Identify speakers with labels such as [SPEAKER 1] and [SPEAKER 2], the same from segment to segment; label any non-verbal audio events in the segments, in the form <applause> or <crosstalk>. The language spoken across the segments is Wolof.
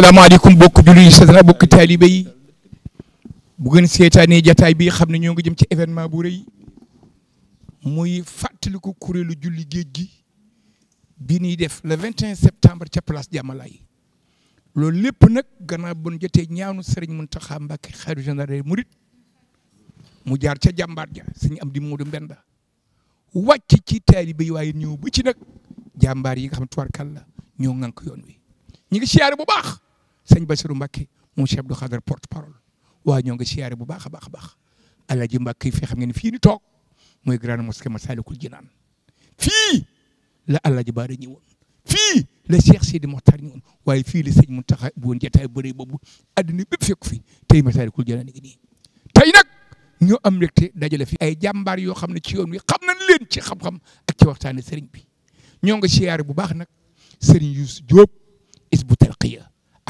[SPEAKER 1] asalaamaaleykum bokk jullit yi sasana bokk taalibe yi bu gën seetaanee jataay bi xam ne ñoo ngi jëm ci événement bu rëy muy fàttaliku kuréelu julli géej gi bi ñuy def le 21 septembre ca place Diamalaye loolu lépp nag gannaaw bon jotee ñaanu Serigne Mountakha Mbacké xaru général murit mu jaar ca jàmbaar ja sëñ am di Modou Mbenda wàcc ci taalibe yi waaye ñëw ba ci nag jàmbaar yi nga xam ne tubarkalla ñoo ŋànk yoon wi ñu ngi siyaare bu baax sëñ Bassirou Mbacké mu Cheikh Abdou Khadre porte parole waa ñoo ngi siyaare bu baax a baax a baax Alaaji Mbacké fii xam ngeen fii ni toog mooy grande mosquée kul Jinaan fii la Alaaji Baara ñëwoon fii la Cheikh Sidi Mokhtar ñëwoon waaye fii la sëñ Mountakha bu woon jotaay bëri boobu adduna bépp fekk fi tey Massalikul Jinaan ngi nii tey nag ñoo am mbégte dajale fi ay jàmbaar yoo xam ne ci yoon wi xam nañ leen ci xam-xam ak ci waxtaane sëriñ bi ñoo ngi siyaare bu baax nag sëriñ Youssou Diop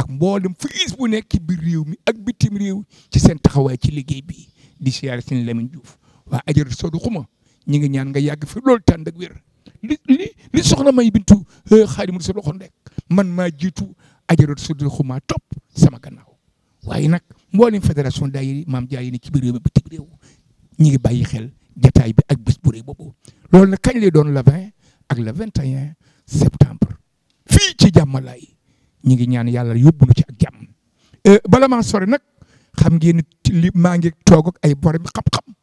[SPEAKER 1] ak mboolem fiis bu nekk ci biir mi ak bitim réew ci seen taxawaay ci liggéey bi di siyaare seen Lamine Diouf waa ajar soodu xuma ñi ngi ñaan nga yàgg fi lool tan ak wér li li li soxna may bintu eh, xaadimu sa loxo ndek man maa jiitu ajarat soodu xuma top sama gannaaw waaye nag mboolem fédération daayira maam jaay ne ci biir réew mi bitim réew ñi ngi bàyyi xel jataay bi ak bés bu rëy boobu loolu nag kañ lay doon le 20 ak le 21 septembre fii ci jàmmalaay ñu ngi ñaan yàlla yóbbu nu ci ak jàmm eh, bala maa sori nag xam ngeen li maa ngi toog ak ay borom xam-xam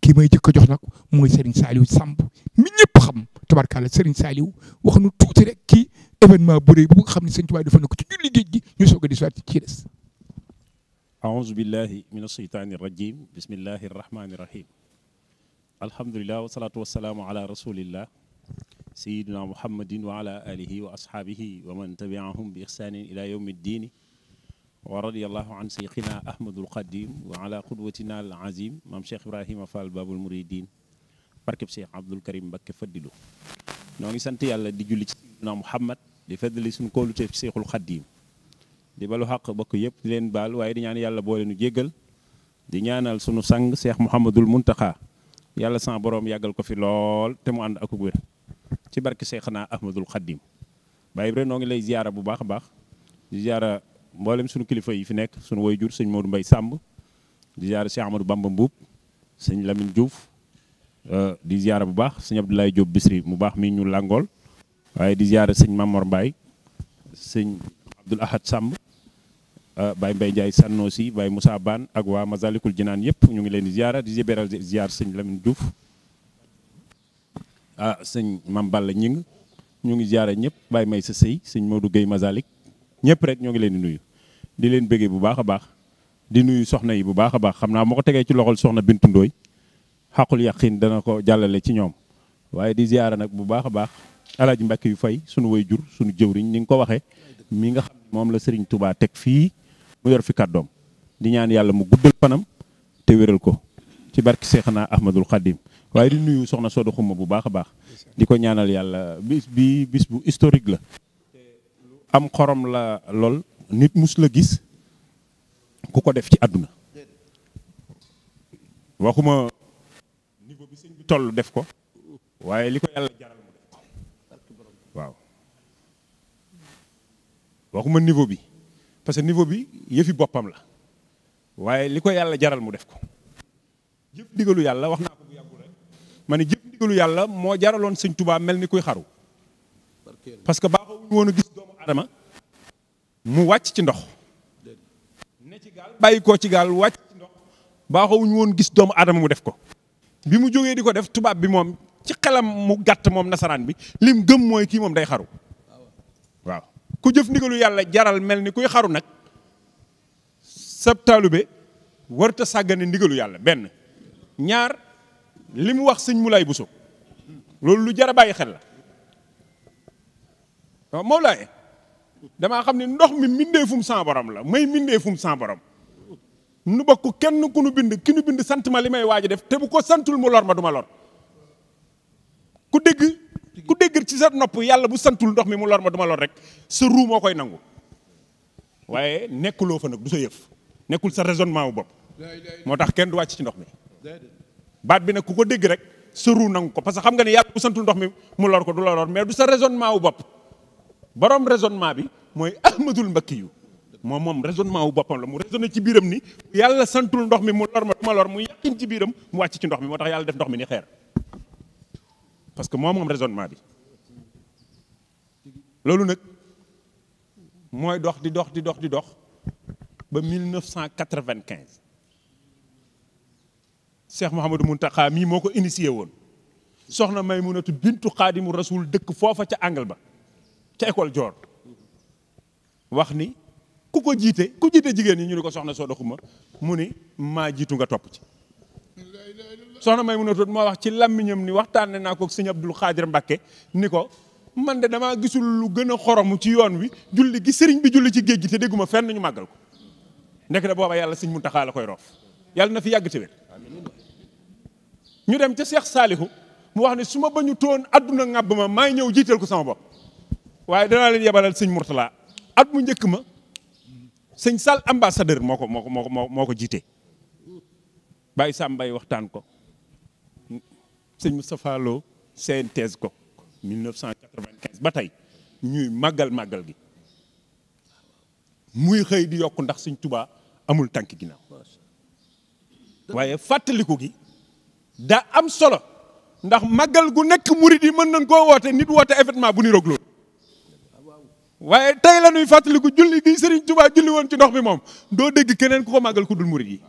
[SPEAKER 1] kii may jëkk jox nag mooy Serigne Saliou Samb mi ñëpp xam tabarkàlla Serigne Saliou wax nu tuuti rek ci événement bu rëy bu xam ne Serigne Touba defoon na ko ci julli géej gi ñu soog a di soit ci des
[SPEAKER 2] aouzu billahi min asheytaani rajim bismillahi arrahmani irrahim alhamdulilah wasalaatu wasalaamu ala rasulillah sayidina muhammadin wa ala alihi wa ashaabihi wa man tabiahum bi ixsaanin ila yowmi ddiini wa radiallahu an seyxina ahmadul qadim wa ala qudwatina al azim maam cheikh ibrahima fall babul muridin barkeb cheikh abdul karim mbakke faddilu noo ngi sant yàlla di julli ci sayidina muhammad di feddali suñu kóolute cheikhul xadim di balu xaq bokk yëpp di leen baal waaye di ñaan yàlla boole nu jéggal di ñaanal sunu sang cheikh muhammadul muntaxa yàlla sama boroom yàggal ko fi lool te mu ci barke Seexna Ahmadul Xaddim Baye Ibra noo ngi lay ziyaara bu baax a baax di ziyaara mboolem sunu kilifa yi fi nekk sunu woy jur sëñ Modou Mbaye sàmb di ziyaara Cheikh Ahmadou Bamba Mbuub sëñ Lamine Diouf euh, di ziyaara bu baax sëñ Abdoulaye Diop mu baax mi ñu làngool waaye di ziyaara sëñ Mamor Mbaye sëñ Abdoul Ahad Samb euh, Baye Mbaye Ndiaye Sannoosi Baye Moussa Bane ak waa Masalikul Jinaan yëpp ñu ngi leen di ziyaara di zibeeral ziyaar sëñ Lamine juuf ah sëñ Mame Balla Gningue ñu ngi jaare ñëpp baay may sa sëy sëñ Modou Guèye Mazalik ñëpp rek ñoo ngi leen di nuyu di leen bëggee bu baax a baax di nuyu soxna yi bu baax a baax xam naa moo ko tegee ci loxol soxna Bintu Ndooy xaqul yàqin dana ko jàllale ci ñoom waaye di ziara nag bu baax a baax alaaji Mbàkke yu fay sunu way jur sunu jëwriñ ni nga ko waxee mii nga xam moom la Serigne Touba teg fii mu yor fi kàddoom di ñaan yàlla mu guddal fanam te wéral ko ci barki Seexna Ahmadul Xadim waaye di nuyu soxna Soda Xuma bu baax a baax di ko ñaanal yàlla bis bi bis bu historique la am xorom la lool nit mus la gis ku ko def ci àdduna waxuma niveau bi sëñ bi toll def ko waaye li ko yàlla
[SPEAKER 3] jaral mu def ko
[SPEAKER 2] waaw waxuma niveau bi parce que niveau bi yëfi boppam la waaye li ko yàlla jaral mu def digalu yàlla wax naa ko ma ne jëf ndigalu yàlla moo jaraloon sëñ Tuubaa mel ni kuy xaru parce que baaxawuñu woon gis doomu adama mu wàcc ci ndox ne gaal bàyyi koo ci gaal wàcc woon gis doomu aadama mu def ko bi mu jógee di ko def tubaab bi moom ci xelam mu gàtt moom nasaraan bi lim gëm mooy kii moom day xaru waaw ku jëf ndigalu yàlla jaral mel ni kuy xaru nag sab bi warta sàggane ndigalu yàlla benn ñaar li mu wax sëñ Moulay Bousso loolu lu jar a bàyyi xel la waaw ah, Mawlaay damaa xam ne ndox mi mbindeefum sans borom la may mbindeefum fum borom nu bokk kenn ku nu bind ki nu bind sant ma li may waaj a def te bu ko santul mu lor ma du ma lor ku dégg ku dégg ci sa nopp yàlla bu santul ndox mi mu lor ma du ma lor rek sa ruu moo koy nangu waaye nekkuloo fa nag du sa yëf nekkul sa raisonnement wu bopp moo tax kenn du wàcc ci ndox mi baat bi nag ku ko dégg rek sa ruu nangu ko parce xam nga ni yàlla bu santul ndox mi mu lor ko du la lor mais du sa raisonnement wu bopp borom raisonnement bi mooy ahmadul mbakki yu moom moom raisonnement wu boppam la mu raisonné ci biiram ni yàlla santul ndox mi mu lor ma du ma lor mu yàqin ci biiram mu wàcc ci ndox mi moo tax yàlla def ndox mi ni xeer parce que moom moom raisonnement bi loolu nag mooy dox di dox di dox di dox ba 1995 Cheikh Mouhamadou Mountakha mii moo ko initié woon soxna may Maymunatu bintu Xaadimu Rasul dëkk foofa ca angle ba ca école Dior wax ni ku ko jiite ku jiite jigéen yi ñu ni ko soxna soo doxuma mu ni maa jiitu nga topp ci soxna may Maymunatu moo wax ci làmmiñam ni waxtaane naa ko sëñ Abdul Xaadir Mbàkke ni ko man de damaa gisul lu gën a xoromu ci yoon wi julli gi sëriñ bi julli ci géej gi te dégguma fenn ñu màggal ko ndekk da booba yàlla sëñ Muntaxa la koy roof yàlla na fi yàgg te ñu dem ca Cheikh Saalihu mu wax ne su ma ba ñu toon adduna ŋàbb ma maa ngi ñëw jiital ko sama bopp waaye danaa leen yebalal sëñ Mourtala at mu njëkk ma sëñ Sall ambassadeur moo ko moo moo ko moo ko jiite bàyyi sàmbay waxtaan ko sëñ Moustapha Lo synthèse ko 1995 ba tey ñuy màggal màggal gi muy xëy di yokk ndax sëñ tubaa amul tànk ginnaaw waaye fàttaliku gi da am solo ndax màggal gu nekk murid yi mën nañ koo woote nit woote événement bu ni roog loolu waaye tey la ñuy fàttaliku julli gi Serigne Touba julli woon ci ndox mi moom doo dégg keneen ku ko màggal ku dul murid yi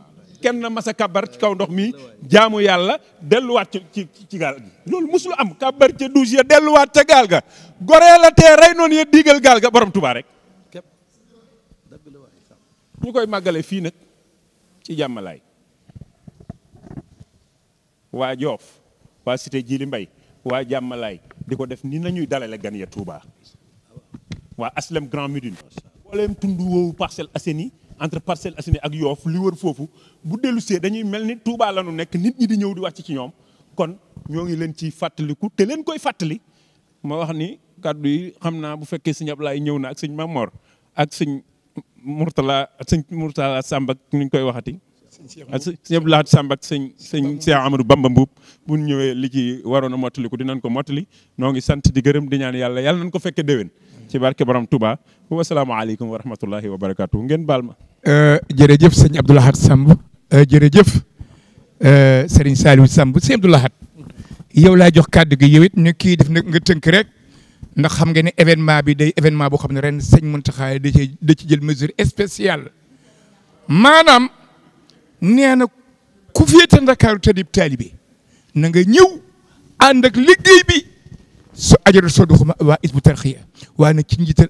[SPEAKER 2] kenn mas a kabar ci kaw ndox mi jaamu yàlla delluwaat ci ci gaal gi loolu musul am kabar ca douche ya delluwaat ca gaal ga goree la tee rey noonu ya diigal gaal ga borom tubaa rek ñu koy màggale fii nag ci jàmmalaay waa Joof waa Cité Jili Mbay waa Jàmmalaay di ko def ni nañuy dalale gan ya Touba waa Aslem Grand Médine booleem tund woowu Parcelles Assainies entre Parcelles Assainies ak Yoof li wër foofu bu dellu see dañuy mel ni Touba la ñu nekk nit ñi di ñëw di wàcc ci ñoom kon ñoo ngi leen ciy fàttaliku te leen koy fàttali ma wax ni kàddu yi xam naa bu fekkee sëñ lay ñëw na ak sëñ Mamor ak sëñ Mourtala ak sëñ Mourtala Samb ak ñu koy waxati ak sëñ Abdou Lahad Samb ak sëñ sëñ Cheikh Amadou Bamba Mbuub bu ñëwee li ci waroon a mottali ko dinañ ko mottali noo ngi sant di gërëm di ñaan yàlla yàlla nañ ko fekke déwén ci barke borom Touba wasalaamaaleykum wa rahmatullahi wa barakatuh ngeen baal ma
[SPEAKER 1] jërëjëf sëñ Abdou Lahad Samb jërëjëf sëriñ Saliou Samb sëñ Abdou Lahad yow laa jox kàddu gi yow it ñu kii def na nga tënk rek ndax xam nga ne événement bi day événement boo xam ne ren sëñ Mountakha da ci da ci jël mesure spéciale maanaam nee na ku féete ndakaaru taalibe na nga ñëw ànd ak liggéey bi su ajaru soo doxuma waa Hizbut Tarqiyyah waaye nag ci njiital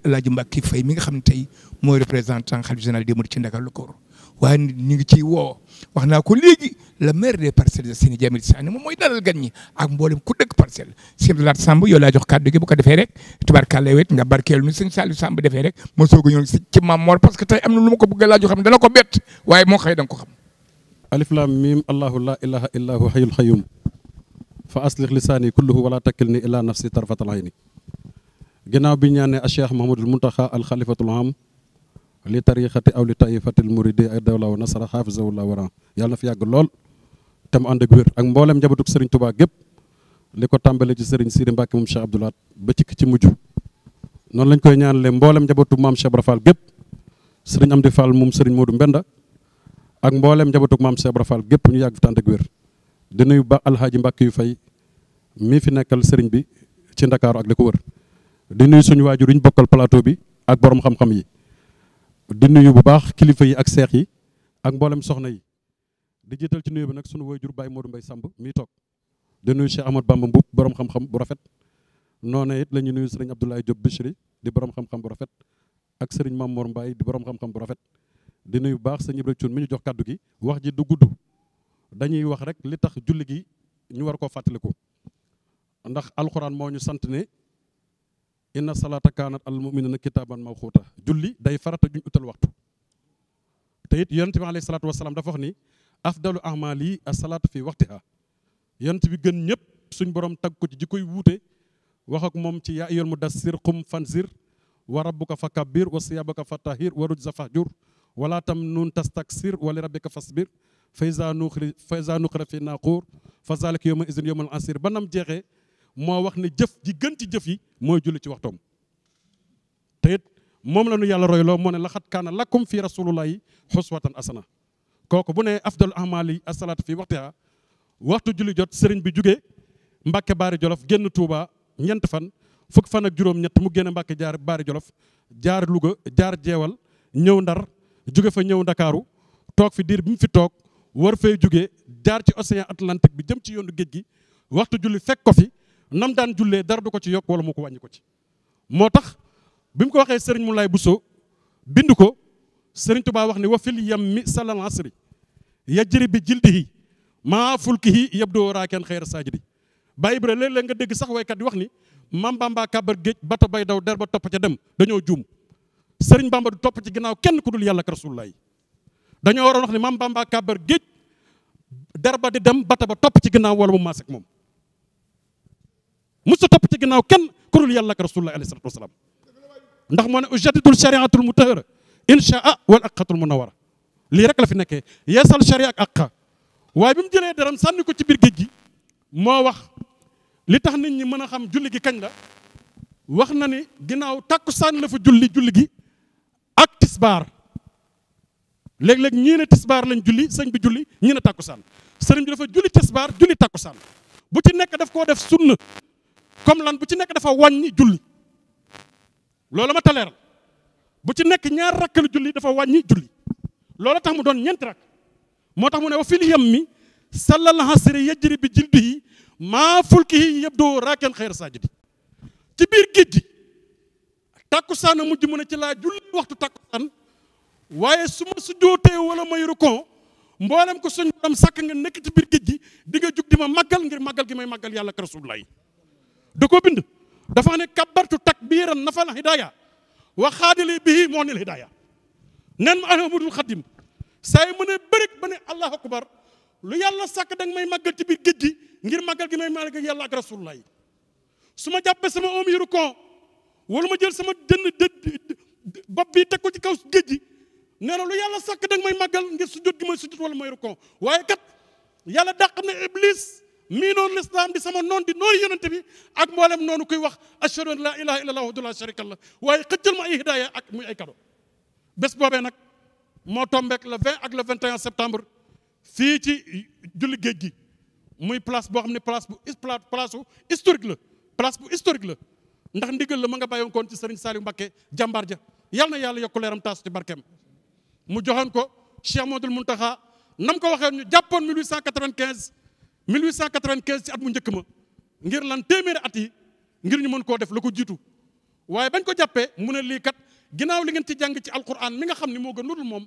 [SPEAKER 1] mooy représentant xalif général Ndakaaru la ko waaye ñu ngi ciy woo wax naa ko léegi le maire des parcelles de Séni Jamil Sane mooy dalal gan ñi ak mboolem ku dëkk parcelle Sëñ Laat Samb yow laa jox kàddu gi ko defee rek tubaarkàlla wet nga barkeel nu sëñ Saliou Samb defee rek ma soog a ñëw ci Mamor parce que ma ko bëgg a laaj yoo waaye moo xëy da ko xam. alif laam miim allahu laa ilaaha illaa huwa
[SPEAKER 4] hayyul qayyuum fa aslix lisaani kulluhu wala takkilni ilaa nafsi tarfatal ayni ginnaaw bi ñaanee a cheikh mahamadul muntaxa al xalifatul am li tariqati aw li taifatil muridi ay dawla wa nasara xaafisawullah wara yàlla na fi yàgg lool te mu ànd ak wér ak mboolem njabatuk sëriñ tubaa gépp li ko tàmbale ci sëriñ Sidi Mbàkke mu Cheikh Abdoulaat ba ci ki ci mujj noonu lañ koy ñaanale mboolem njabootu maam Cheikh gépp sëriñ Amdi moom sëriñ Modou Mbenda ak mbooleem njabootug maam Cheikh Ibra Fall gépp ñu yàgg fi tànd ak wér di nuyu ba yu fay mii fi nekkal sëriñ bi ci ndakaaru ak ko wër di suñu waajur yi ñu bokkal plateau bi ak boroom xam-xam yi di nuyu bu baax kilifa yi ak seex yi ak mboolem soxna yi di jiital ci nuyu bi nag suñu waajur Baye Modou mbay Samb mii toog di nuyu Cheikh Ahmad Bamba Mbuub borom xam-xam bu rafet noonu it la ñu nuyu sëriñ Abdoulaye Diop Bichri di borom xam-xam bu rafet ak sëriñ Mamour mbaay di borom xam-xam bu rafet di nuyu bu baax sëñ Ibra Cuun mi ñu jox kàddu gi wax ji du gudd dañuy wax rek li tax julli gi ñu war koo fàttaliku ndax alxuraan moo ñu sant ne inna salaata kaanat al muminina kitaaban mawquuta julli day farata juñ utal waxtu te it yonent bi alayhi salaatu wasalaam dafa wax ni afdalu ahmaal yi asalaatu fi waxtiha yonent bi gën ñëpp suñ borom tag ko ci ji koy wuute wax ak moom ci mu yaa ayyuhal mudassir qum fanzir wa rabbuka fakabbir wa siyaabaka fatahir wa rujza fahjur wala tam nun tastaksir wali rabbika fasbir fa iza nuqri fa iza nuqira fi naquur fa zalika yawma izin yawmal asir ba nam jeexee moo wax ne jëf ji gën jëf yi mooy julli ci waxtoom te it moom la nu yàlla royloo moo ne laxat kaana lakum fi rasulillahi xuswatan asana kooku bu ne afdalu ahmali asalaatu fi waxtiha waxtu julli jot sëriñ bi jugee mbake Baari Jolof génn Touba ñent fan fukk fan juróom-ñett mu génn Mbàkke jaar Baari Jolof jaar Louga jaar Jeewal ñëw Ndar jóge fa ñëw ndakaaru toog fi diir bi mu fi toog war fee jóge jaar ci océan atlantique bi jëm ci yoonu géej gi waxtu julli fekk ko fi nam daan jullee dara du ko ci yokk wala moo ko wàññi ko ci moo tax bi mu ko waxee sëriñ bu Bousso bind ko sëriñ Tuubaa wax ne wa fil yammi salal asri yajri bi jildihi maa fulkihi yabdu raaken xayra saajidi Ba Ibra léeg-léeg nga dégg sax waykat yi wax ni mam Bamba kàbbar géej bato bay daw der ba topp ca dem dañoo juum sëriñ bamba du topp ci ginnaaw kenn ku dul yàlla ak rasulullah dañoo waroon wax ne maam bamba kàbbar géej der ba di dem bata ba topp ci ginaaw wala mu maas ak moom musta topp ci ginnaaw kenn ku dul yàlla ak rasulullah alayhi salatu ndax moo ne ujadidul shariatul mutahara inchaa wal aqatul munawara lii rek la fi nekkee yeesal sharia ak aqa waaye bi mu jëlee deram sànni ko ci biir géej gi moo wax li tax nit ñi mën a xam julli gi kañ la wax na ni ginnaaw tàkkusaan la fa julli julli gi ak tisbaar léeg-léeg ñii ne tisbaar lañ julli sëñ bi julli ñii ne takkusaan sëriñ bi dafa julli tisbaar julli takkusaan bu ci nekk daf koo def sunna comme lan bu ci nekk dafa wàññi julli loolu ma taleeral bu ci nekk ñaar rakk la julli dafa wàññi julli loolu tax mu doon ñeenti rakk moo tax mu ne wa fil yam mi sallal hasri yajri bi jildihi maa fulkihi yabdu raakan xayra saajidi ci biir géej tàkkusaan a mujj mu ne ci laa julli waxtu tàkkusaan waaye su ma su jootee wala may rukon mboolem ko suñ borom sàkk nga nekk ci biir géej gi nga jug di ma màggal ngir màggal gi may màggal yàlla ak rasulullah da koo bind dafa ne kabbartu takbiiran nafal hidaaya wa xaadili bihi moo nil hidaaya nen ma ahmadul xadim saa yi mu ne bërik ba ne allahu akbar lu yàlla sàkk danga may màggal ci biir géej ngir màggal gi may màggal yàlla ak rasulullah su ma jàppee sama wala ma jël sama dënn dë bopp bi teg ko ci kaw géej gi nee na lu yàlla sàkk danga may màggal ngir sujjóot gi may sujjóot wala may rukon waaye kat yàlla dàq na iblis mii noonu lislaam di sama noon di noonu yonente bi ak mboolem noonu koy wax ashhadu an laa ilaha illa allah wahdahu laa sharika lah waaye xëccal ma ay hidaaya ak muy ay kado bes boobee nag moo tombeek le 20 ak le 21 septembre fii ci julli géej gi muy place boo xam ne place bu place place historique la place bu historique la ndax ndigal la ma nga bàyyoon koon ci sëriñ Saliou Mbacké jàmbaar ja yal na yàlla yokk leeram taas ci barkeem mu joxoon ko Cheikh Modou Mountakha nam ko waxee ñu jàppoon 1895 1895 ci at mu njëkk ma ngir lan téeméeri at yi ngir ñu mën koo def la ko jiitu waaye bañ ko jàppee mu ne lii kat ginnaaw li ngeen ci jàng ci alquran mi nga xam ni moo gën ludul moom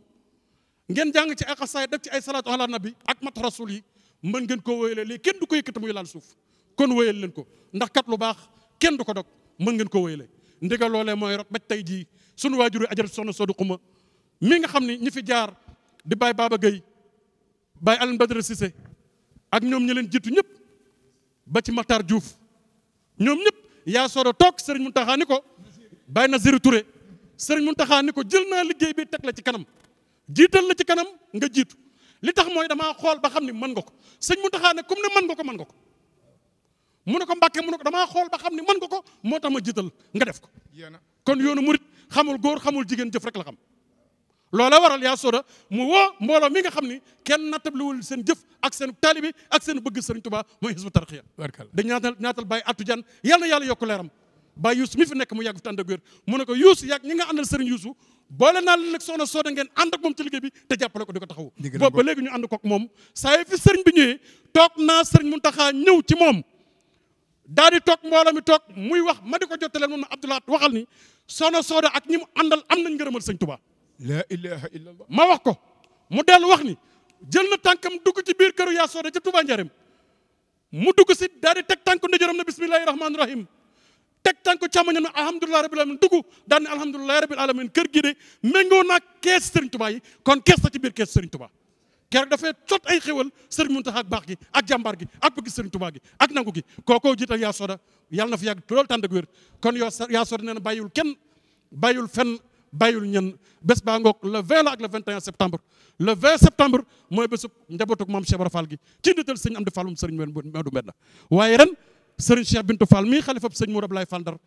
[SPEAKER 4] ngeen jàng ci ay xasaay def ci ay salaatu ala nabi ak mat rasul yi mën ngeen koo wéyalee lii kenn du ko yëkkati muy laal suuf kon wéyal leen ko ndax lu baax kenn du ko dog mën ngeen ko wéyale ndigal loolee mooy rot ba tey jii sunu waajur yi ajaratu soxna Soodu Xuma mii nga xam ne ñi fi jaar di Baye Baba gay Baye Alioune Badara Cissé ak ñoom ñi leen jiitu ñëpp ba ci Matar Diouf ñoom ñëpp yaa sooro toog Serigne Mountakha ni ko na Nazir Touré Serigne Mountakha ni ko jël naa liggéey bi teg la ci kanam jiital la ci kanam nga jiitu li tax mooy damaa xool ba xam ni mën nga ko sëñ Mountakha ne comme ne mën nga ko mën nga ko mu ne ko mbàkke mu ko damaa xool ba ne mën nga ko moo tax ma jital nga def ko kon yoonu murit xamul góor xamul jigéen jëf rek la xam loola waral yaa sooda mu woo mbooloo mi nga xam ni kenn nattabliwul seen jëf ak seen taalibi ak seen bëgg sëriñ Tuubaa mooy Hizbut Tarqiyyah da ñaatal ñaatal bàyyi attu jan yal na yàlla yokku leeram bàyyi yuusu mi fi nekk mu yàgg fi tànd ak wér mu ne ko yuusu yàgg ñi nga àndal sëriñ yuusu boole naa leen nag soxna sooda ngeen ànd ak moom ci liggéey bi te jàppale ko di ko taxawu boobu ba léegi ñu ànd kook moom saa yi fi sëriñ bi ñëwee toog naa sëriñ ñëw ci moom daal di toog mbooloo mi toog muy wax ma di ko jottaleen moom na Abdoulaat waxal ni sono sooda ak ñi mu àndal am nañ ngërëmal sëñ Tuubaa la ilaha ma wax ko mu dellu wax ni jël na tànkam dugg ci biir kër yaa sooda ca Tuubaa Njaarem mu dugg si daal di teg tànku ndeyjooram na bismillahi rahmaani rahim teg tànku càmmoñam ne alhamdulilahi rabbil alamin dugg daal ne alhamdulilahi rabbil alamin kër gi de méngoo naa kees sëriñ Tuubaa yi kon kees la ci biir kees sëriñ Tuubaa keroog dafay tot ay xéwal sëriñ Muntaxa ak baax gi ak jàmbaar gi ak bëgg sëriñ Tuubaa gi ak nangu gi kookoo jiital yaa soda yàlla na fi yàgg loolu tànd ak wér kon yoo yaa soda nee na bàyyiwul kenn bàyyiwul fenn bàyyul ñenn bés baa ngoog le 20 la ak le 21 septembre le septembre mooy bésub njabootug maam Cheikh Moodu Mbedd waaye ren sëriñ Cheikh Bintou Fall mii xalifab sëñ Moodu Ablaye Fall Ndar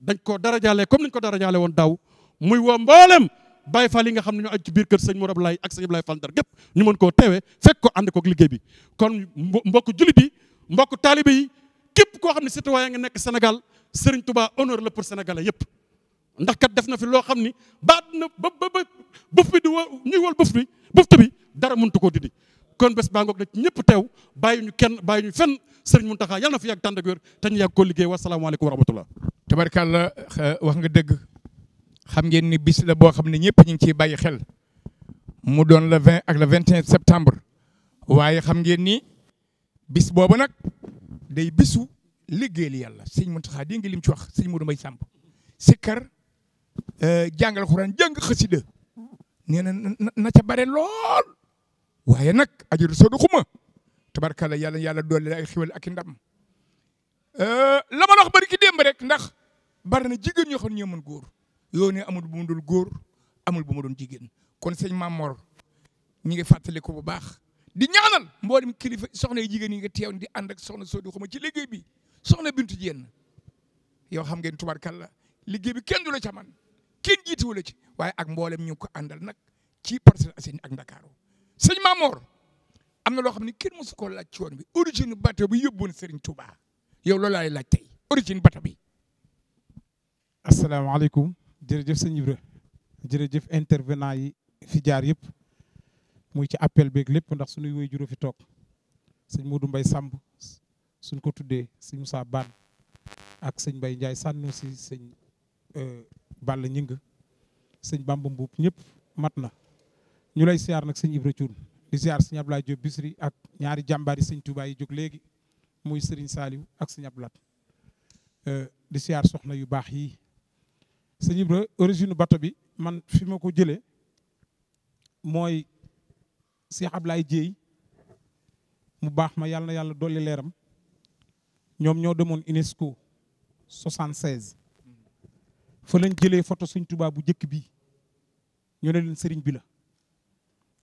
[SPEAKER 4] dañ ko darajaale comme niñ ko darajaale woon daaw muy woo mboolem Baye Fall yi nga xam ne ñoo aju ci biir kër sëñ Mor Ablaye ak sëñ Ablaye Fall Ndar gépp ñu mën koo teewee fekk ko ànd kook liggéey bi kon mbokk julit yi mbokk taalibe yi képp koo xam ne citoyen nga nekk Sénégal Serigne Touba honneur la pour sénégalais yëpp ndax kat def na fi loo xam ni baat na ba ba ba buf di wa ñuy wal buf bi bufta bi dara mëntu koo dindi kon bés baa ngoog ñëpp teew bàyyi ñu kenn bàyyi ñu fenn Serigne Mountakha
[SPEAKER 1] yàlla na fi yàgg tànd ak wér te ñu yàgg koo liggéey wasalaamaaleykum wa rahmatullah tabarkàlla euh, wax nga dëgg xam ngeen ni bis la boo xam ne ñëpp ñu ngi ciy bàyyi xel mu doon le vingt ak le 21 septembre waaye xam ngeen ni bis boobu nag day bisu liggéeyal yàlla sëñ Mountakha dégg nga li mu ci wax sëñ Modou Mbaye Samb sikkar euh, jàngal xuraan jàng xasida nee na na ca bare lool waaye nag ajur soodu xuma tabarkalla yàlla yàlla doole la ay xiwal ak i ndam euh, la ma wax bari rek ndax bari na jigéen ñoo xam ne ñoo góor yoon yi amul bu mu dul góor amul bu mu doon jigéen kon sëñ Maam Mor ñi ngi fàttali ko bu baax di ñaanal mboolem kilifa soxna yu jigéen ñi nga teew di ànd ak soxna Sodi xuma ci liggéey bi soxna Bintu Dieng yow xam ngeen tubarkalla liggéey bi kenn du la ca man kenn jiituwu la ci waaye ak mboolem ñu ko àndal nag ci Parcelles Assainies ak Ndakaaru sëñ Maam Mor am na loo xam ne kenn mosu koo laaj ci woon bi origine bateau bi yóbbuwoon Serigne Touba yow loolu laay laaj tey origine bi.
[SPEAKER 5] asalaamaaleykum. jërëjëf sëñ Ibra jërëjëf intervenant yi fi jaar yëpp muy ci appel beeg lépp ndax suñuy woy juró fi toog sëñ Modou mbay Samb suñ ko tuddee sëñ Moussa Ban ak sëñ Mbaye Ndiaye sànnu si sëñ euh, bal Ñing sëñ Bamba Mbuub ñëpp mat na ñu lay siyaar nag sëñ Ibra Thioune di siyaar sëñ Ablaye Diop Bisri ak ñaari jàmbaari sëñ Touba yi jóg léegi muy sëriñ Saliou ak sëñ Ablaat euh, di siyaar soxna yu baax yi sëñ Ibra origine bato bi man fi ma ko jëlee mooy si Ablaye Dieye mu baax ma yàlla na yàlla dolli leeram ñoom ñoo demoon UNESCO 76. fa lañ jëlee photo sëñ Touba bu njëkk bi ñoo ne leen sëriñ bi la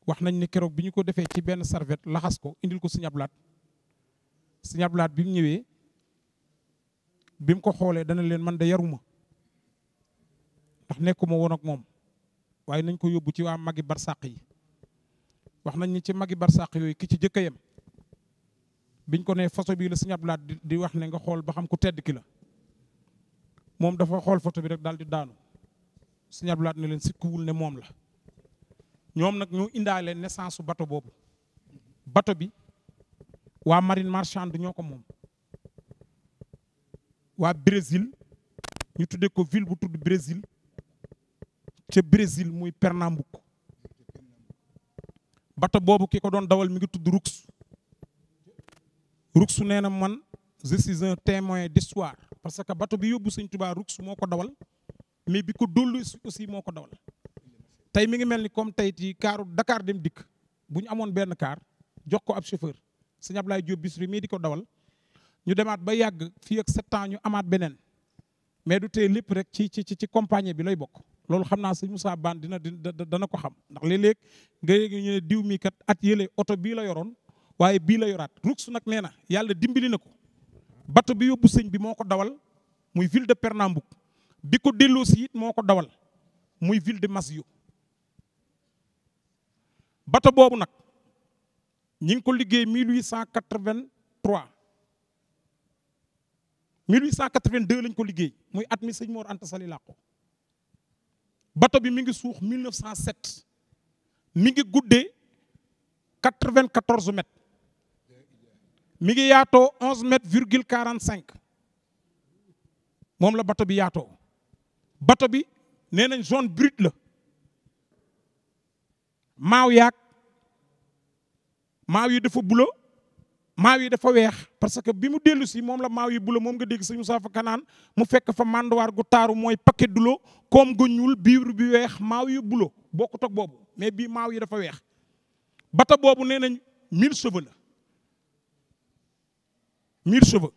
[SPEAKER 5] wax nañ ni keroog bi ñu ko defee ci benn serviette laxas ko indil ko sëñ Ablaat sëñ Ablaat bi mu ñëwee bi mu ko xoolee dana leen man de yaruma ndax nekkuma woon ak moom waaye nañ ko yóbbu ci waa magi barsàq yi wax nañ ni ci magi barsàq yooyu ki ci jëkka yem biñ ko ne photo bii la Sëñ Abdu di wax ne nga xool ba xam ku tedd ki la moom dafa xool photo bi rek daal di daanu Sëñ Abdu Lahat leen sikkuwul ne moom la ñoom nag ñoo indaale naissance su bato boobu bato bi waa marine marchande ñoo ko moom waa Brésil ñu tuddee ko ville bu tudd Brésil ca Brésil muy Pernambuco bato boobu ki ko doon dawal mi ngi tudd Rux Rux nee na man je suis un témoin d'histoire parce que bato bi yóbbu Sëñ Tuubaa Rux moo ko dawal mais bi ko dollu aussi moo ko dawal tey mi ngi mel ni comme tey ci kaaru Dakar dem dikk bu ñu amoon benn kaar jox ko ab chauffeur sëñ Ablaye Diop Bichri mii di ko dawal ñu demaat ba yàgg fii ak sept ñu amaat beneen mais du tee lépp rek ci ci ci compagnie bi lay bokk loolu xam naa sëñ Moussa Bane dina dana ko xam ndax léeg-léeg nga yéeg ñu ne diw mii kat at yële oto bii la yoroon waaye bii la yoraat ruux nag nee na yàlla dimbali na ko bato bi yóbbu sëñ bi moo ko dawal muy ville de Pernambouc bi ko delloosi it moo ko dawal muy ville de Massio bato boobu nag ñi ngi ko liggéey 1883 1882 lañ ko liggéey muy at mi sëñ moor Anta Sali làqu bato bi mi ngi suux 1907 mi ngi guddee 94 mètres mi ngi yaatoo 11 mètres virgule 45 moom la bato bi yaatoo bato bi nee nañ zone brute la maaw yaag maaw yi dafa bulo maaw yi dafa weex parce que bi mu dellusi moom la maaw yi bula moom nga dégg sëñ Moussa fa kanaan mu fekk fa manduwaar gu taaru mooy paquet dulo koom gu ñuul biir bi weex maaw yi bulo bokkut ak boobu mais bii maaw yi dafa weex bata boobu nee nañ mille chevaux la mille chevaux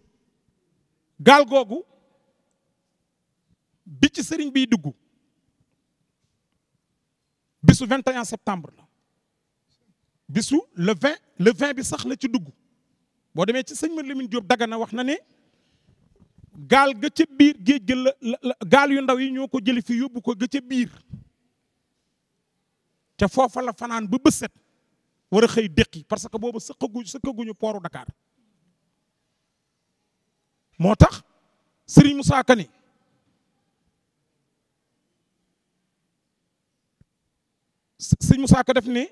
[SPEAKER 5] gaal googu bi ci sëriñ biy dugg bisu 21 septembre la bisu le 20 le 20 bi sax la ci dugg boo demee ci sëñ Mame Lamine Diop na wax na ne gaal ga ca biir géej ga la gaal yu ndaw yi ñoo ko jëli fi yóbbu ko ga ca biir ca foofa la fanaan ba bës war a xëy déqi parce que boobu sëqaguñu sëqaguñu pooru Dakar moo tax Serigne Moussa Kane Serigne Moussa Kane def ne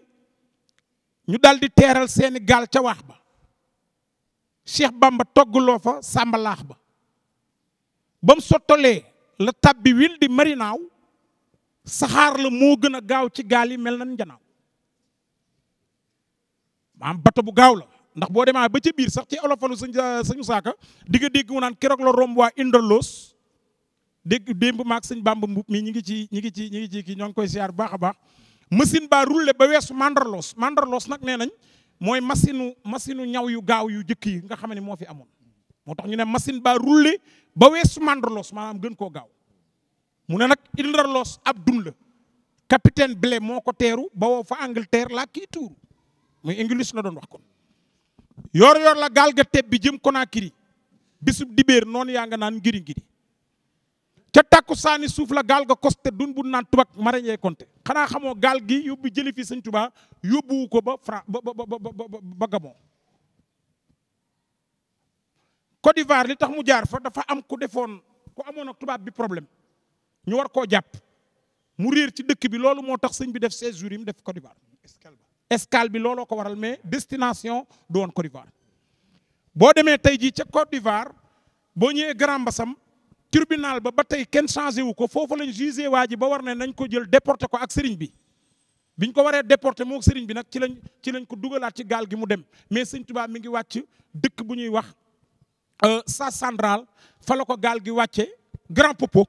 [SPEAKER 5] ñu daldi teeral seeni gaal ca waax ba Cheikh Bamba toggaloo fa Samba laax ba ba mu sottalee la tabbi wil di marinaaw saxaar la moo gën a gaaw ci gaal yi mel nan njanaaw maam bato bu gaaw la ndax boo demee ba ci biir sax ci olofalu sa euh, sañu saaka di nga dégg mu naan keroog la romb waa Indoloos dégg démb maag sëñ Bamba mbub mi ñi ngi ci ñi ngi ci ñi ngi ci kii ñoo ngi koy siyaar baax a baax masin baa rulle ba weesu mandarloos mandarloos nag nee nañ mooy machine machine ñaw yu gaaw yu jëkk yi nga xam ne moo fi amoon moo tax ñu ne machine ba roulé ba weesu mandarloos maanaam gën koo gaaw mu ne nag indarloos ab dun capitaine Blé moo ko teeru ba woo fa Angleterre laa kii tuuru muy English la doon wax kon yor yor la gaal ga teb bi jëm Conakry bisub dibéer noon yaa nga naan ngiri ngiri ca tàkku saani suuf la gaal ga costé dun bu naan tubak marañee konte xanaa xamoo gaal gi yóbbu jëli fii sëñ Tuubaa yóbbuwu ko ba Fran ba ba ba Gabon Côte d'Ivoire li tax mu jaar fa dafa am ku defoon ku amoon ak tubaab bi problème ñu war koo jàpp mu réer ci dëkk bi loolu moo tax sëñ bi def 16 jours yi mu def Côte d'Ivoire escale bi looloo ko waral mais destination du woon Côte d'Ivoire boo demee tey jii ca Côte d'Ivoire boo ñëwee Grand Bassam tribunal ba ba tey kenn changé wu ko foofu lañ jugé waa ji ba war ne nañ ko jël déporté ko ak sëriñ bi biñ ko waree déporté mook sëriñ bi nag ci lañ ci lañ ko dugalaat ci gaal gi mu dem mais sëñ Tuubaa mi ngi wàcc dëkk bu ñuy wax euh, sa central fa la ko gaal gi wàcce grand popo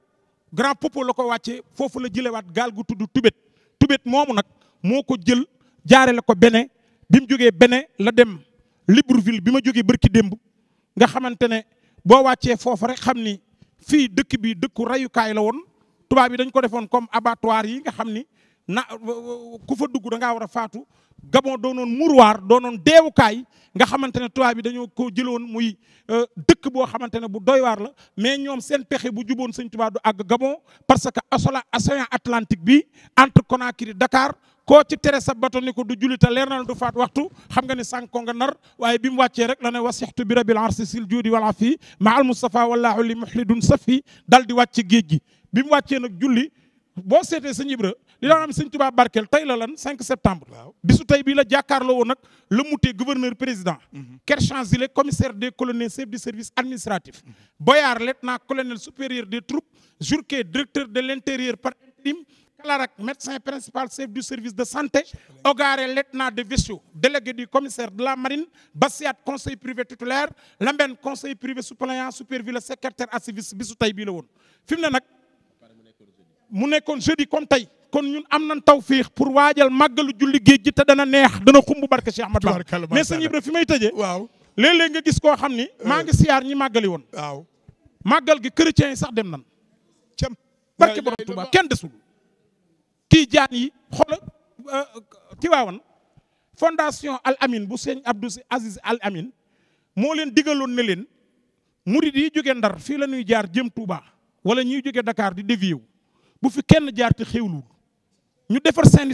[SPEAKER 5] grand popo la ko wàcce foofu la jëlewaat gaal gu tudd tubét tubét moomu nag moo ko jël jaare la ko bene bi mu jógee bene la dem Libreville bi ma jógee bërki démb nga xamante ne boo wàccee foofu rek xam ni fii dëkk bi dëkku rayukaay la woon tubaab yi dañ ko defoon comme abattoir yi nga xam ni na ku fa dugg da ngaa war a faatu gabon doonoon mouroir doonoon deewukaay nga xamante ne tubaab bi dañoo ko jëloon muy euh, dëkk boo xamante ne bu doywaar la mais ñoom seen pexe bu juboon sëñ tubaab du àgg gabon parce que océan Atlantique bi entre Conakry dakaar koo ci tere sa bato ko du julita leer na du faat waxtu xam nga ne sànq ko nga nar waaye bi mu wàccee rek la ne wasixtu bi rabil arsi sil juudi wala fii ma al mustafa wallahu li muxlidun safi dal di wàcc géej gi bi mu wàccee nag julli boo seetee sëñ Ibra li daan am sëñ Tuubaa tey la lan 5 septembre bisu tey bii la jàkkaarloo woon nag la mutee gouverneur président mhm. Kerchan Zile commissaire des colonels chef du service administratif mhm. Boyard lieutenant colonel supérieur des troupes Jourquet directeur de l'intérieur par Clarac, médecin principal chef du service de santé, Ogaré, lieutenant de vaisseau, délégué du commissaire de la marine, Bassiat, conseil privé titulaire, Lamben, conseil privé suppléant, superviseur, secrétaire à service bisu tey bii la woon. fi mu ne nag mu nekkoon jeudi comme tey kon ñun am nañ tawfiix pour waajal màggalu julli géej gi te dana neex dana xumbu barke Cheikh ma Bamba mais sëñ Ibra fi may tëjee. waaw léeg-léeg xam ni. maa ngi siyaar ñi woon. waaw màggal gi chrétiens yi sax dem nan. cam barke borom Tuubaa kenn desul. tiijaan yi xool euh, Tiwaawan fondation Al Amin bu sëñ Abdou Aziz Al Amin moo leen digaloon ne leen murid yi jóge Ndar fii la ñuy jaar jëm Touba wala ñuy jóge dakaar di dévier bu fi kenn jaar te xéwlu ñu defar seeni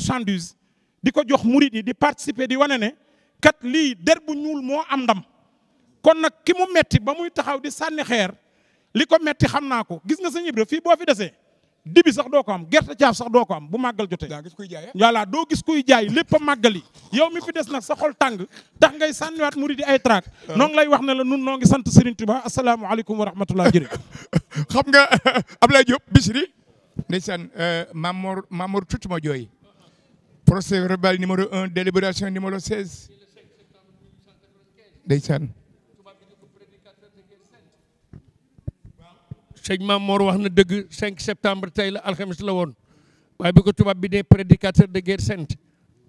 [SPEAKER 5] di ko jox murid yi di participer di wane ne kat lii der bu ñuul moo am ndam kon nag ki mu metti ba muy taxaw di sànni xeer li ko metti xam naa ko gis nga sëñ Ibra fii boo fi desee dibi sax doo ko am gerte caaf sax doo ko am bu màggal jotee. daa gis kuy jaay eh? doo gis kuy jaay lépp a màggal yi yow mi fi des nag sa xol tàng tax ngay sànniwaat mu di ay traak. Eh. noo lay wax na la nun noo ngi sant Serigne Touba
[SPEAKER 1] asalaamualeykum wa rahmatulah jërëjëf. <laughs> xam nga <laughs> Ablaye Diop Bichri. ndeysaan eh, Mamor Mamor tuuti ma jooy. procès verbal numéro un délibération numéro 16. ndeysaan.
[SPEAKER 6] sëñ Maam moor wax na dëgg 5 septembre tey la alxames la woon waaye bi ko tubaab bi dee prédicateur de guerre sainte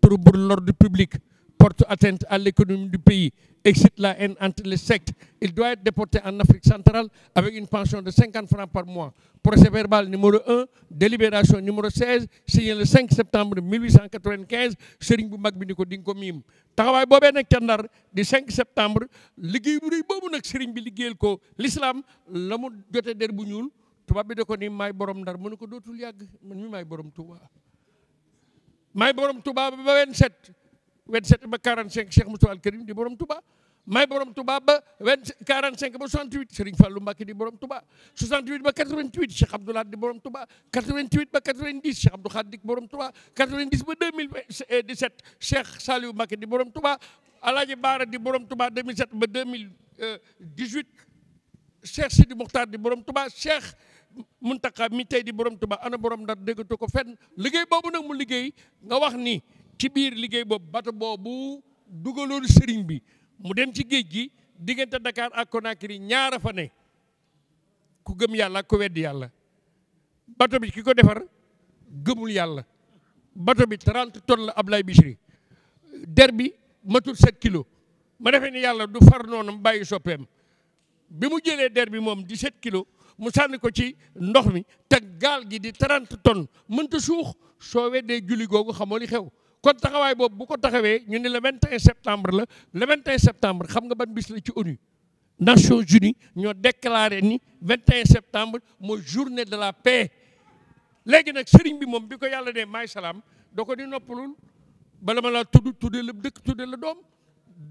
[SPEAKER 6] trouble l'ordre public porte atteinte à l'économie du pays, excite la haine entre les sectes. Il doit être déporté en Afrique centrale avec une pension de 50 francs par mois. Procès verbal numéro 1, délibération numéro 16, signé le septembre Serigne bu mag bi ni ko di nga ko miim taxawaay boobee nag ca Ndar di septembre liggéey bu rëy boobu nag Serigne bi liggéeyal ko l'islam la mu jotee der bu ñuul tubaab bi da ko ni maay borom Ndar mu ne ko dootul yàgg man mi borom Touba maay borom Touba 27 ba 45 Cheikh Moustapha al Karim di borom Touba may borom Touba ba 20 45 ba 68 Serigne Fallou Mbacké di borom Touba 68 ba 88 Cheikh Abdoulaye di borom Touba 88 ba borom Touba 90 ba 2017 euh, Cheikh Saliou Mbacké di borom Touba Alaaji Baara di borom Touba 2007 ba 2018 euh, borom Touba cheikh Muntaka mi di borom Touba ana borom Ndar déggatu ko fenn liggéey boobu nag mu liggéey nga wax ni ci biir liggéey boobu bato boobu dugaloon sëriñ bi mu dem ci géej gi diggante Dakar ak Conakry ñaara fa ne ku gëm yàlla ak weddi yàlla bato bi ki ko defar gëmul yàlla bato bi 30 tonnes la Ablaye Bichri der bi matul 7 kilos ma defee ni yàlla du far noonu bàyyi soppeem bi mu jëlee der bi moom 17 kilos mu sànni ko ci ndox mi te gaal gi di 30 tonnes mënta suux soo weddee julli googu xamoo li xew kon taxawaay boobu bu ko taxawee ñu ne le 21 septembre la le 21 septembre xam nga ban bis la ci ONU Nations Unies ñoo déclaré ni 21 septembre moo journée de la paix léegi nag sëriñ bi moom bi ko yàlla dee maay salaam doo ko di noppalul bala ma laa tudd tuddee la dëkk tuddee la doom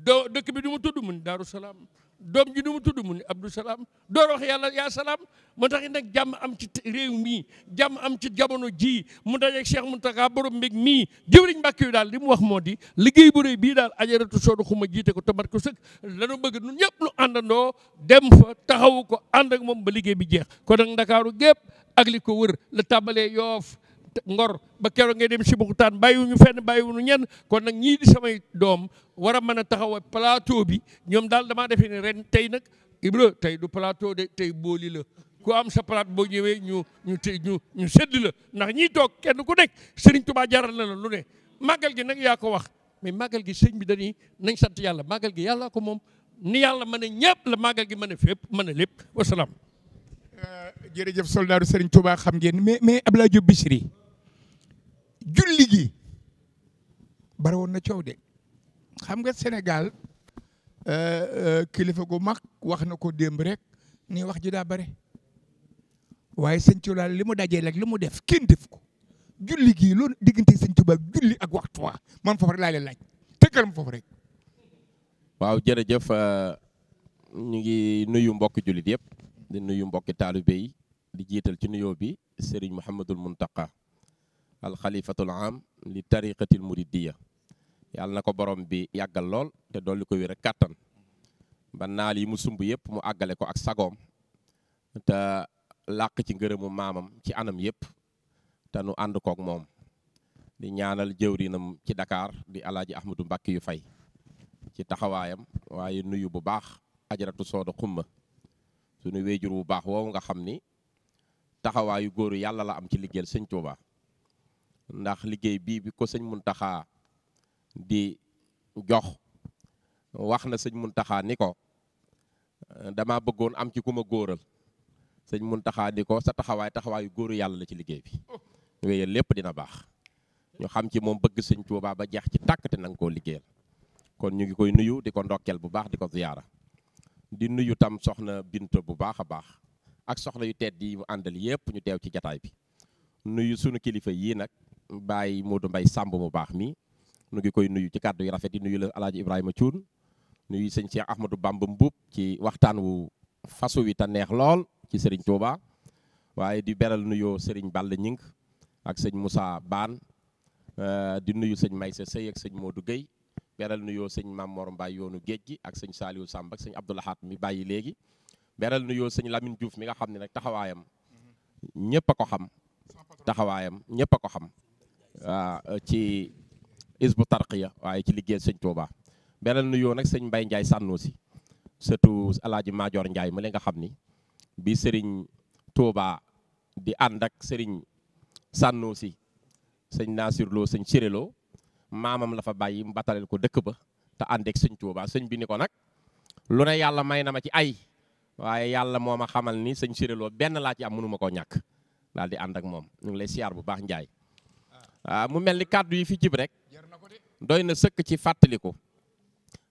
[SPEAKER 6] doo dëkk bi du ma tudd mun daaru salaam doom ji nu mu tudd mu ne Abdou Salaam door wax yàlla yaa salaam moo tax nag jàmm am ci réew mii jàmm am ci jamono ji mu dajeeg Cheikh Mountakha borom mbég mii jëwriñ mbàkk yu daal li mu wax moo di liggéey bu réy bii daal ajaratu soodu xuma jiite ko tamat ko sëkk lanu bëgg nun ñëpp nu àndandoo dem fa taxawu ko ànd ak moom ba liggéey bi jeex ko nag ndakaaru gépp ak li ko wër la tàmbalee yoof ngor ba keroog ngay dem si bukutaan bàyyiwuñu fenn bàyyiwuñu ñenn kon nag ñii di samay doom war a mën a taxaw plateau bi ñoom daal damaa defee ne ren tey nag Ibra tey du plateau de tey booli la ku am sa plate boo ñëwee ñu ñu te ñu ñu sedd la ndax ñii toog kenn ku nekk Serigne Touba jaral na la lu ne màggal gi nag yaa ko wax mais màggal gi sëñ bi dañuy nañ sant yàlla màggal gi yàlla ko moom ni yàlla mën a ñëpp la màggal gi mën a fépp mën a lépp wasalaam euh, jërëjëf soldaaru Serigne
[SPEAKER 1] Touba xam ngeen mais mais Abdoulaye Diop Bichri julli gi bari woon na coow de xam nga Sénégal euh, euh, kilifa gu mag wax na ko démb rek ni wax ji daa bare waaye sëñ laal li mu dajee rek li mu def kenn def ko julli gii loolu diggante sëñ Tuubaa julli ak waxtu waa man foofu rek laa leen laaj tëggal ma foofu rek.
[SPEAKER 7] waaw jërëjëf euh, ñu ngi nuyu mbokki jullit yëpp di nuyu mbokki taalibe yi di jiital ci nuyo bi Serigne Mouhamadul Mountakha. alxalifatul am li tariqatil muridiyya yàlla na ko borom bi yàggal lool te dolli ko wér ak kàttan ba naal yi mu sumb yëpp mu àggale ko ak sagoom te làq ci ngërëmu maamam ci anam yëpp te nu ànd kook moom di ñaanal jëwrinam ci Dakar di alaaji Ahmadou Mbàkke yu fay ci taxawaayam waaye nuyu bu baax ajaratu sooda xumma suñu wéejur bu baax woowu nga xam ni taxawaayu góoru yàlla la am ci liggéeyal sëñ Tuubaa ndax liggéey bii bi ko sëñ taxaa di jox wax na sëñ mun taxaa ni ko euh, dama bëggoon am ci ku ma góoral sëñ Muntaxa ni ko sa taxawaay taxawaayu góoru yàlla la ci liggéey bi wéye lépp dina baax ñu xam ci moom bëgg sëñ Tuubaa ba jeex ci tàkk te nanga koo liggéeyal kon ñu ngi koy nuyu di ko ndokkeel bu baax di ko ziyaara di nuyu tam soxna Binta bu baax a baax ak soxna yu tedd yi mu àndal yépp ñu teew ci jataay bi nuyu sunu kilifa yii nag bàyyi Modou mbay sàmb mu baax mi nu ngi koy nuyu ci kàddu yu rafet yi nuyu la alaaji Ibrahima Thioune nuyu sëñ Cheikh Ahmadou Bamba Mbuub ci waxtaan wu fasu wi te neex lool ci Serigne Touba waaye di beral nuyoo Serigne Balla Ñing ak sëñ Moussa Baan euh, di nuyu sëñ Maysa Sey ak sëñ Modou Guèye beral nuyoo sëñ Mamor Mbaye yoonu géej gi ak sëñ Saliou Samb ak sëñ Abdoulahat mi bàyyi léegi beral nuyoo sëñ Lamine Diouf mi nga xam ne nag taxawaayam ñëpp a ko xam taxawaayam ñëpp a ko xam Euh, ci isbu tarqiya waaye ci liggéey sëñ Touba beneen nuyoo nag sëñ mbay Ndiaye sànnoo si surtout alaaji Maajoor Ndiaye ma nga xam ni bi sëriñ Touba di ànd ak sëriñ sànnoo si sëñ Nasir Lo sëñ Cire maamam la fa bàyyi mu batalel ko dëkk ba te ànd ak sëñ Touba sëñ bi ni ko nag lu ne yàlla may na ma ci ay waaye yàlla moo ma xamal ni sëñ Cire benn laa ci am mënuma koo ñàkk daal di ànd ak moom ñu ngi lay siyaar bu baax Ndiaye Ah, mu mel ni kàddu yi fi jib rek doy na sëkk ci fàttaliku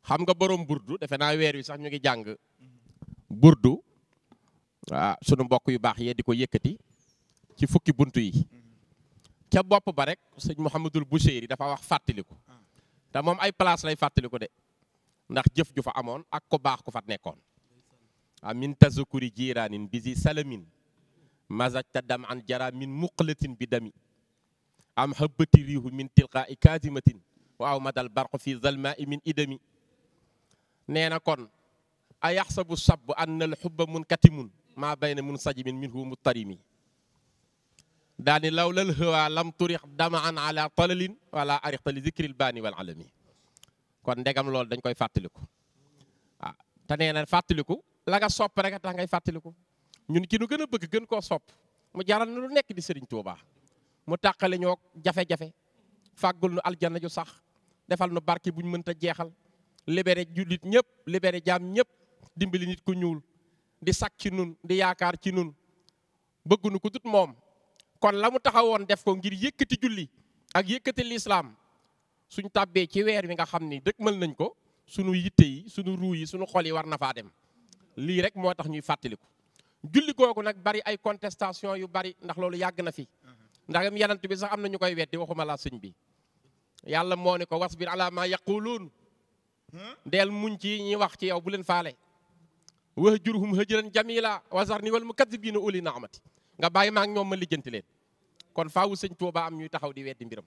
[SPEAKER 7] xam nga borom burdu defe naa weer wi sax ñu ngi jàng burdu waaw ah, sunu mbokk yu baax yee di ko yëkkati ci fukki bunt yi ca bopp ba rek sëñ Mouhamadul Boucheyri dafa wax fàttaliku te moom ay place lay fàttaliku de ndax jëf ju fa amoon ak ko baax ko fa nekkoon amin tazukuri jiraanin bisi salamin mazaj ta dam an jara min muqlatin bi dami am habbati riihu min tilqaa'i kaasimatin wa aw madal barqu fi zalmaa'i min idami nee na kon a yaxsabu sabb anna al xubba munkatimun maa bayna munsajimin minhu muttarimi daani lawlal hawaa lam turix dama an ala talalin wala arixta li zikril baani wal alami kon ndegam loolu dañ koy fàttaliku waaw ah, te nee na fàttaliku la nga sopp rek a tax ngay fàttaliku ñun ki nu gën a bëgg gën koo sopp mu jaral na lu nekk di Sëriñ Tuubaa mu tàqale ñoo jafe-jafe fàggul nu aljanna ju sax defal nu barki bu ñu mënta jeexal libéré jullit ñëpp libéré jaam ñëpp dimbali nit ku ñuul di sakk ci nun di yaakaar ci nun bëggunu ko dut moom kon la mu taxawoon def ko ngir yëkkati julli ak yëkkati lislaam suñ tàbbee ci weer wi nga xam ni mën nañ ko sunu yitte yi sunu ruu yi sunu xol yi war na faa dem lii rek moo tax ñuy fàttaliku julli googu nag bari ay contestation yu bari ndax loolu yàgg na fi ndax yenant bi sax am na ñu koy weddi waxuma la sëñ bi yàlla moo ni ko wasbir ala ma yaquluun deel muñ ci ñi wax ci yow bu leen faale wahjurhum hajran jamila wazarni wal bii mukaththibina uli naamati nga bàyyi ma ñoom ma lijjanti leen kon faawu sëñ Tuuba am ñuy taxaw di weddi mbiram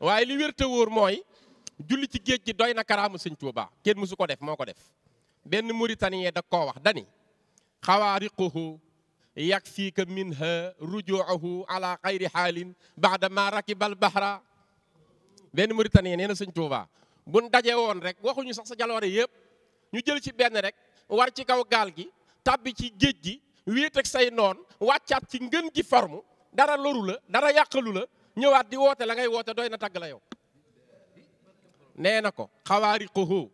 [SPEAKER 7] waaye li wér wóor mooy julli ci géej gi doy na karaamu sëñ Tuuba kenn mësu ko def moo ko def benn Mauritanien da koo wax dani xawaariquhu yakfiika à rujuuhu ala xayri xaalin baada ma rakibal bahra benn Mauritanie nee na sëñ Touba buñ daje woon rek waxuñu sax sa jaloore yëpp ñu jël ci benn rek war ci kaw gaal gi tàbbi ci géej gi wéet say noon wàccaat ci ngën gi forme dara loru la dara yàqalu la ñëwaat di woote la ngay woote doy na tagg la yow nee na ko xawaariquhu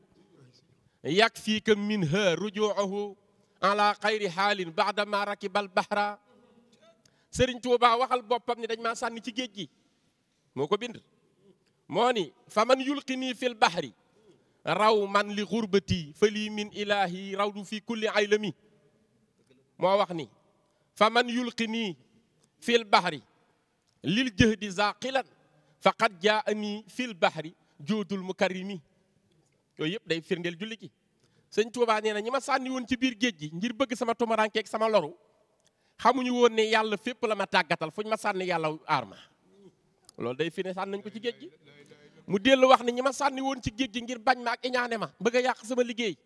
[SPEAKER 7] yakfiika minha rujuuhu ala xayri xaalin baadama rakibal bahra sëriñ Tuuba waxal boppam ni dañ maa sànni ci géej gi moo ko bind moo ni fa man yulqinii fil bahri raw man li xurbati fa lii min ilaahi raw du fi kulli aylami moo wax ni fa man yulqinii fil bahri lil jëhdi zaqilan faqad jaa nii fil bahri joodul mukarimi yooyu yëpp day firndeel julli gi sëñ Tuubaa nee na ñi ma sànni woon ci biir géej gi ngir bëgg sama tumarankeeg sama loru xamuñu woon ne yàlla fépp la ma tàggatal fuñ ma sànni yàlla aar ma loolu day fi ne sànni nañ ko ci géej gi mu dellu wax ne ñi ma sànni woon ci géej gi ngir bañ ma ak iñaane ma bëgg a yàq sama liggéey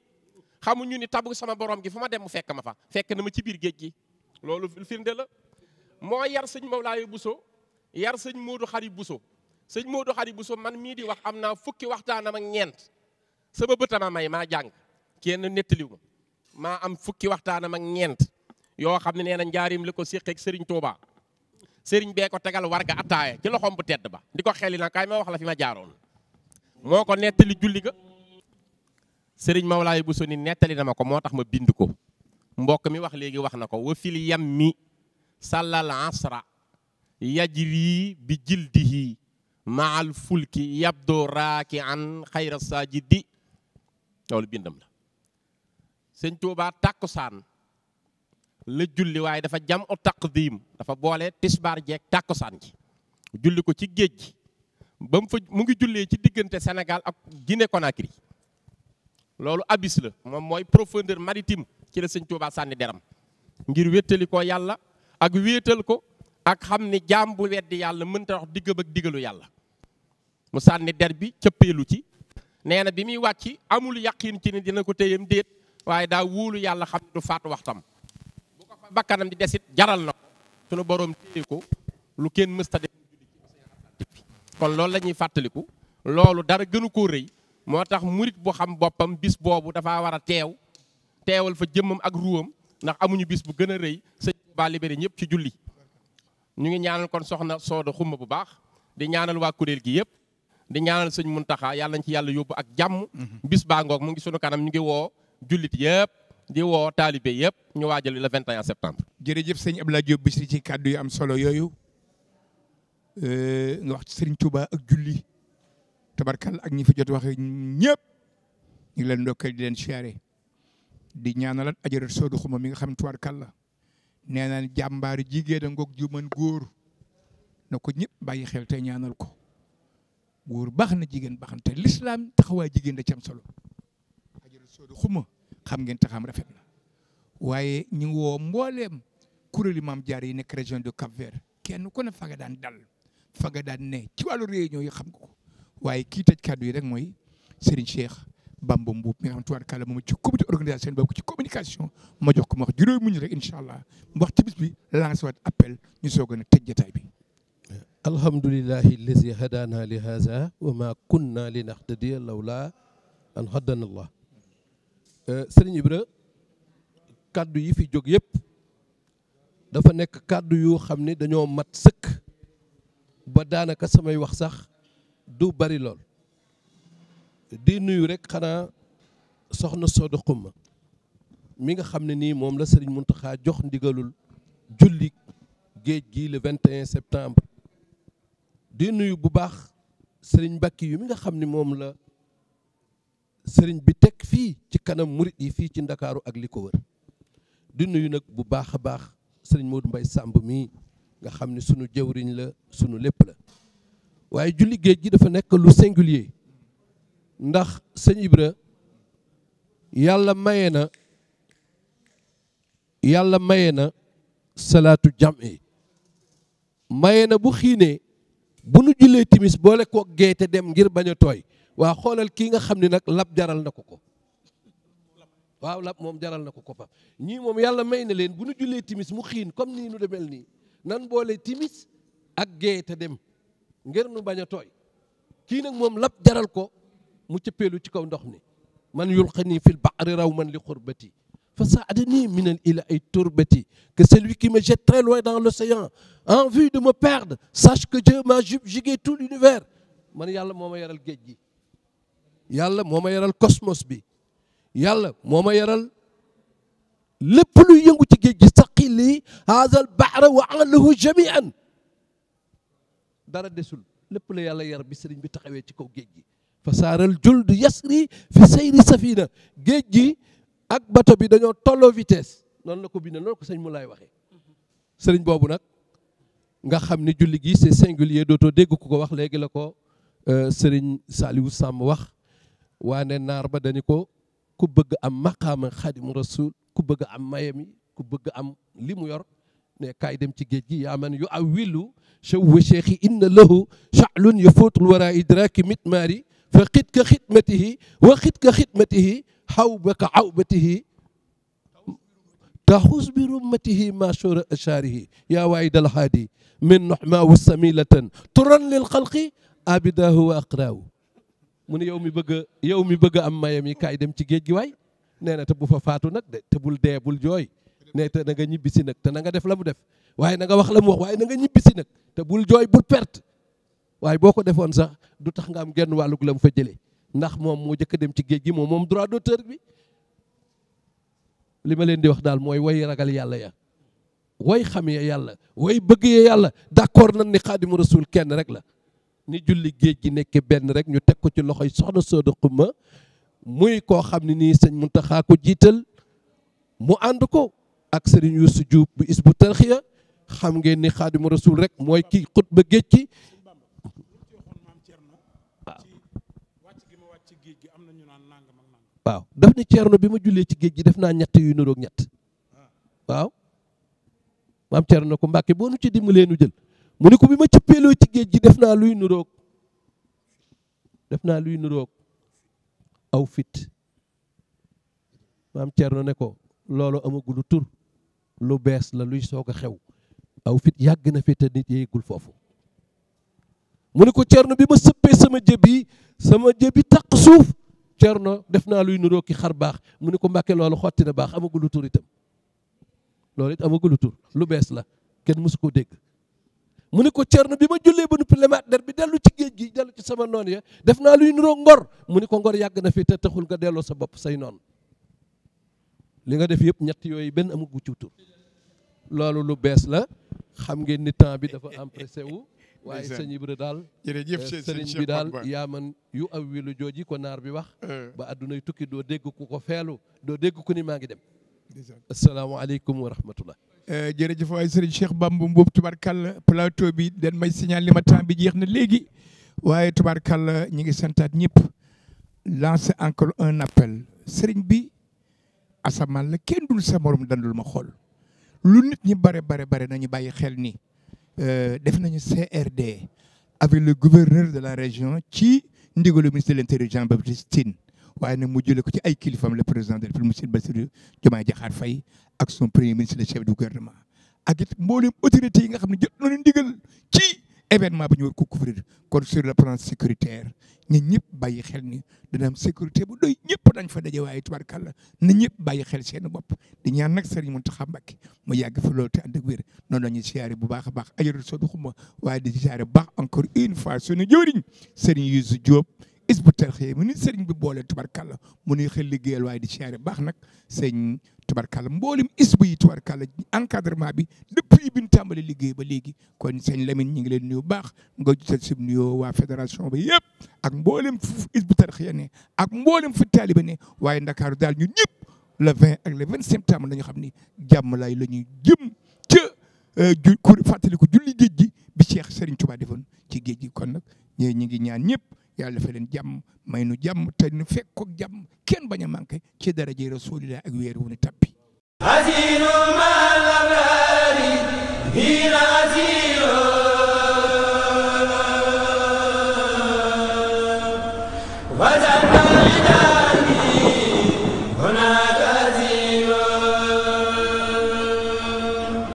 [SPEAKER 7] xamuñu ni tabu sama borom gi fu ma dem mu fekk ma fa fekk na ma ci biir géej gi loolu firnde la moo yar sëñ Mawlaaye Bousso yar sëñ moodu Xari Bousso sëñ Modou Xari Bousso man mii di wax am naa fukki waxtaanam ak ñeent sama bëtama may maa jàng kenn nettaliw ma maa am fukki waxtaanam ak ñeent yoo xam ne nee na njaarim ko séqeeg sëriñ Touba sëriñ bee ko tegal warga attaaya ci loxoom bu tedd ba di ko xeli na kaay ma wax la fi ma jaaroon moo ko nettali julli ga sëriñ Mawlaay Bousso ni nettali na ma ko moo tax ma bind ko mbokk mi wax léegi wax na ko wa fil yam mi sàllal asra yajri bi jildihi maal fulki yabdo raaki an xayra sajidi loolu bindam la sëñ Tuubaa tàkkusaan la julli waaye dafa jam u taqdim dafa boole tisbaar jeek tàkkusaan ji julli ko ci géej gi ba mu fa mu ngi jullee ci diggante Sénégal ak Guinée Conakry loolu abysse la moom mooy profondeur maritime ci la sëñ Tuubaa sànni deram ngir wéttali ko yàlla ak wéetal ko ak xam ni jaam bu weddi yàlla mënta wax diggab ak digalu yàlla mu sànni der bi cëppeelu ci nee na bi muy wàcc amul yaqin ci ne dina ko téyam déet waaye daa wóolu yàlla xam ne du faatu waxtam bu ko fa bakkanam di desit jaral na ko sunu boroom téye ko lu kenn mësta def kon loolu lañuy fàttaliku loolu dara gënu koo rëy moo tax murit bu xam boppam bis boobu dafaa war a teew teewal fa jëmmam ak ruwam ndax amuñu bis bu gën a rëy sëñ baa libéré ñëpp ci julli ñu ngi ñaanal kon soxna sooda xumma bu baax di ñaanal waa kuréel gi yëpp di ñaanal sëñ Muntaxa yàlla nañ ci yàlla yóbbu ak jàmm mhm. bis baa ngoog mu ngi sunu kanam ñu ngi woo jullit yëpp di woo taalibe yëpp ñu waajal le 21 septembre. jërëjëf sëñ Abdoulaye Diop Bichri ci kàddu yu am solo yooyu
[SPEAKER 1] euh, nga wax ci sëriñ Touba ak julli tabarkal ak ñi fi jot waxee ñëpp ñu ngi leen ndokkee di leen siyaare di ñaanalat ajarat soodu xuma mi nga xam tubarkal la nee naa jàmbaari jigéen a ngoog ju mën góor na ko ñëpp bàyyi xel te ñaanal ko góor baax na jigéen baax na te lislaam taxawaay jigéen da ci am solo. soodu xuma xam ngeen taxam rafet na waaye ñu ngi woo mbooleem kuréelu maam jaar yi nekk région de Cap-Vert kenn ku ne fa nga daan dal fa nga daan ne ci wàllu réunion yi xam nga ko waaye kii tëj kàddu yi rek mooy Serigne Cheikh Bamba Mbuub mi nga xam tuwaat kàlla moom ci comité organisation ci communication ma jox ko ma wax
[SPEAKER 3] juróomi muñ rek incha allah mu ci bis bi lancé waat appel ñu soog a tëj jotaay bi. alhamdulilahi allazi hadana li haza wa ma kunna li nahtadiya lawla an hadana allah Euh, sëriñ Ibra kàddu yi fi jóg yëpp dafa nekk kàddu yu xam ne dañoo mat sëkk ba daanaka samay wax sax du bari lool di nuyu rek xanaa soxna Soda Xuma mi nga xam ne nii moom la sëriñ Muntaxa jox ndigalul julli géej gi le 21 septembre di nuyu bu baax sëriñ Mbàkke yu mi nga xam ni moom la sëriñ bi teg fii ci kanam murit yi fii ci ndakaaru ak li ko wër di nuyu nag bu baax a baax sëriñ Modou Mbaye Samb mii nga xam ne sunu jëwriñ la sunu lépp la waaye julli géej gi dafa nekk lu singulier ndax sëñ Ibra yàlla maye na yàlla maye na salaatu jàmme maye na bu xiinee bu nu jullee timis boole ko geete dem ngir bañ a tooy waa xoolal kii nga xam ne nag lab jaral na ko ko waaw lab moom jaral na ko ko pap ñii moom yàlla may na leen bu nu jullee timis mu xiin comme nii nu demel nii nan boole timis ak gée te dem ngir nu bañ a tooy kii nag moom lab jaral ko mu cëppeelu ci kaw ndox mi man nii fil raw man li xurbati fa saadani min al ila ay turbati que celui qui me jette très loin dans l'océan en vue de me perdre sache que Dieu m'a subjugué tout l'univers man yàlla moo ma géej gi yàlla moo ma yaral cosmos bi yàlla moo ma yaral lépp luy yëngu ci géej gi saqi lii haazal bahra wa ahlahu jamian dara desul lépp la yàlla yar bi sëriñ bi taxawee ci kaw géej gi fa saaral juldu yasri fi sayri safina géej gi ak bato bi dañoo tolloo vitesse noonu la ko bindee noonu ko sëñ mu laay waxee sëriñ boobu nag nga xam ne julli gi c'est singulier dootoo dégg ku ko wax léegi la ko euh, sëriñ Saliou sàmm wax waane naar ba dañu ko bëgg am maqaama xadimu rasul ku bëgg am mayami ku bëgg am li mu yor ne kaay dem ci géej gi yaa man yu awilu shawa cheikhi inna lahu sha'lun yafutul wara idraki mitmaari fa ka xidmatihi wa xit ka xidmatihi xawbaka awbatihi taxus bi rummatihi ma shura ashaarihi waayid alhaadi min noxma wa samilatan turan lil xalqi abidahu wa aqraawu mu ne yow mi bëgg yow mi bëgg am mayam yi kaay dem ci géej gi waay nee te bu fa faatu nag te bul dee bul jooy ne te na nga si nag te na nga def la mu def waaye na nga wax la mu wax waaye na nga ñibbisi nag te bul jooy bul perte waaye boo ko defoon sax du tax nga am genn wàllug la mu fa jëlee ndax moom moo jëkk dem ci géej gi moom moom droit d'auteur bi li ma leen di wax daal mooy way ragal yàlla ya way xam ya yàlla woy bëgg ya yàlla d'accord nañ ni xaadimu rasul kenn rek la ni julli géej gi nekke benn rek ñu teg ko ci loxo soxna Sooda Xuma muy koo xam ne nii sëñ Muntaxa ko jiital mu ànd ko ak sëriñ Yuusu Juub bu is bu tarxiya xam ngeen ni xaadimu rasul rek mooy kii xutba géej gi waaw daf ni ceerno bi ma jullee ci géej gi def naa ñett yu niroog ñett waaw maam ceerno ko mbàkke boo nu ci dimbalee nu jël mu ni ko bi ma loo ci géej gi def naa luy nuroog def naa luy nuroog aw fit maam Thierno ne ko loolu amagulu tur lu bees la luy soog a xew aw fit yàgg na fi te nit yeegul foofu mu ni ko Thierno bi ma sëppee sama jëbi sama jëbi taq suuf Thierno def naa luy nuroog ki xar baax mu ni ko mbàkke loolu xotti na baax amagulu tur itam loolu it amagulu tur lu bees la kenn mësu ko dégg mu ne ko na bi ma jullee ba noppi lemaat der bi dellu ci géej gi dellu ci sama noon ya def naa luy nuroo ngor mu ne ko ngor yàgg na fi te taxul nga delloo sa bopp say noon li nga def yëpp ñett yooyu benn amul gu ciwtu loolu lu bees la xam ngeen ni temps bi dafa empressé wu <laughs> waaye sëñ Ibra daal jërëjëf eh, sëriñ bi daal yaa man yu aw wilu jooji ko naar bi wax eh. ba addunay tukki doo dégg ku ko feelu doo dégg ko ni maa ngi dem asalaamaaleykum wa rahmatullah
[SPEAKER 1] Euh, jërëjëf waay sëriñ Cheikh Bamba Mboup tubarkalla plateau bi den may signal li ma bi jeex na léegi waaye tubarkalla ñi ngi santaat ñëpp lancer encole un appel sëriñ bi asamaan la kenn dul sa morom dandul ma xool lu nit ñi bare bare bare nañu bàyyi xel ni euh, def nañu CRD avec le gouverneur de la région ci ndigalu ministre de l'intérieur Jean Baptiste Tine waaye nag mu jëlee ko ci ay kilifam le président de la République monsieur Bassirou Diomaye Diakhar Faye ak son premier ministre le chef du gouvernement ak mboolem autorités yi nga xam ne jot nañu ndigal ci événement bi ñu war ko couvrir kon sur le plan sécuritaire ñun ñëpp bàyyi xel ni dana am sécurité bu doy ñëpp dañ fa daje waaye ti tubaarkàlla na ñëpp bàyyi xel seen bopp di ñaan nag Serigne Mountakha Mbacké mu yàgg fi loolu te ànd ak wér noonu la ñuy siyaare bu baax a baax ajarul soo du xuma waaye di siyaare bu baax encore une fois suñu jëwriñ Serigne Youssou Diop is bu tarxee mu ni sëriñ bi boole tubarkalla mu nuy xel liggéeyal waaye di siyaare baax nag sëñ tubarkalla mboolem is bu yi tubarkalla encadrement bi depuis bi ñu tàmbali liggéey ba léegi kon sëñ Lamine ñu ngi leen nuyu baax nga jutal si nuyoo waa fédération bi yëpp ak mboolem fu ak mboolem fu taaliba ne waaye ndakaaru daal ñun ñëpp le 20 ak le 20 septembre la ñu xam ni jàmm lay la ñuy jëm ca euh, ju fàttaliku julli géej gi bi Cheikh Serigne Touba defoon ci géej gi kon nag ñee ñu ngi ñaan ñëpp yàlla fa leen jàmm may nu jàmm te nu fekk ko jàmm kenn bañ a ci daraje rasulillah ak weer wu ni tappi
[SPEAKER 6] asilu
[SPEAKER 3] ma labari
[SPEAKER 6] hina asilu